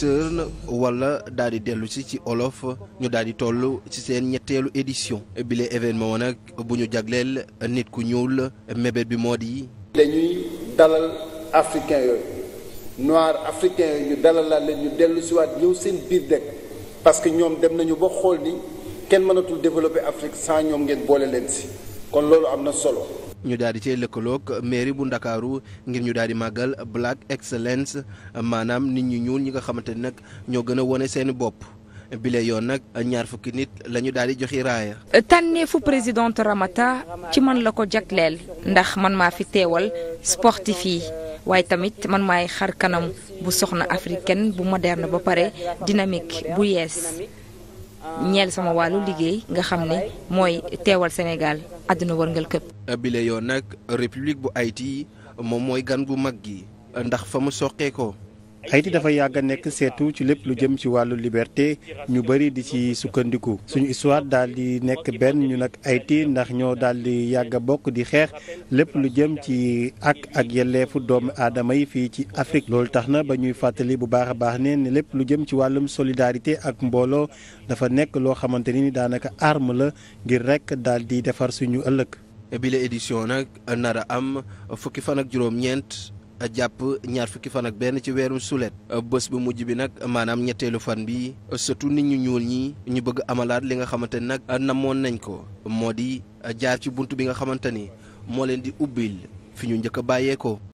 Turn wala daal di dellu si ci olof ñu daal di toll ci seen ñetteelu édition bile événement nag bu ñu jagleel nit ku ñuul mébét bi moo di. dañuy dalal africain yooyu noir africain yooyu dalal la leen ñu dellu si waat ñëw seen biir dëkk parce que ñoom dem nañu ba xool ni kenn mënatul développer Afrique sa ñoom ngeen boole leen si kon loolu am na solo. ñu daal di cee lëkkaloog mairie bu ndakaaru ngir ñu daal di màggal Black Excellence maanaam nit ñu ñuul ñi nga xamante ni nag ñoo gën a wone seen bopp bile yoon nag ñaar fukki nit la ñu daal di joxe raaya. tànneefu présidente Ramata ci man la ko jagleel ndax man maa fi teewal sportif yi waaye tamit man maay xar kanam bu soxna africaine bu moderne ba pare dynamique bu yees. ñeel sama wàllu liggéey nga xam ne mooy teewal Sénégal àdduna wërngal këpp. bile yoon nag république bu Haïti moom mooy gan gu mag gi ndax fa mu soqee ko Haïti dafa yàgg nekk seetu ci lépp lu jëm ci wàllu liberté ñu bari di ci sukkandiku suñu histoire daal nekk benn ñu nag Haïti ndax ñoo daal di yàgg bokk di xeex lépp lu jëm ci ak ak yelleefu doomu aadama yi fii ci Afrique loolu tax na ba ñuy fàttali bu baax a baax ne ne lépp lu jëm ci wàllum solidarité ak mbooloo dafa nekk loo xamante ni daanaka arme la ngir rek daal di defar suñu ëllëg. bile édition nag nar a am fukki fan ak juróom jàpp ñaar fukki fan ak benn ci weeru sulet bés bu mujj bi nag maanaam ñetteelu fan bi surtout nit ñu ñuul ñi ñu bëgg amalaat li nga xamante ni nag namoon nañ ko moo di jaar ci bunt bi nga xamante ni moo leen di ubbil fi ñu njëkk a bàyyee ko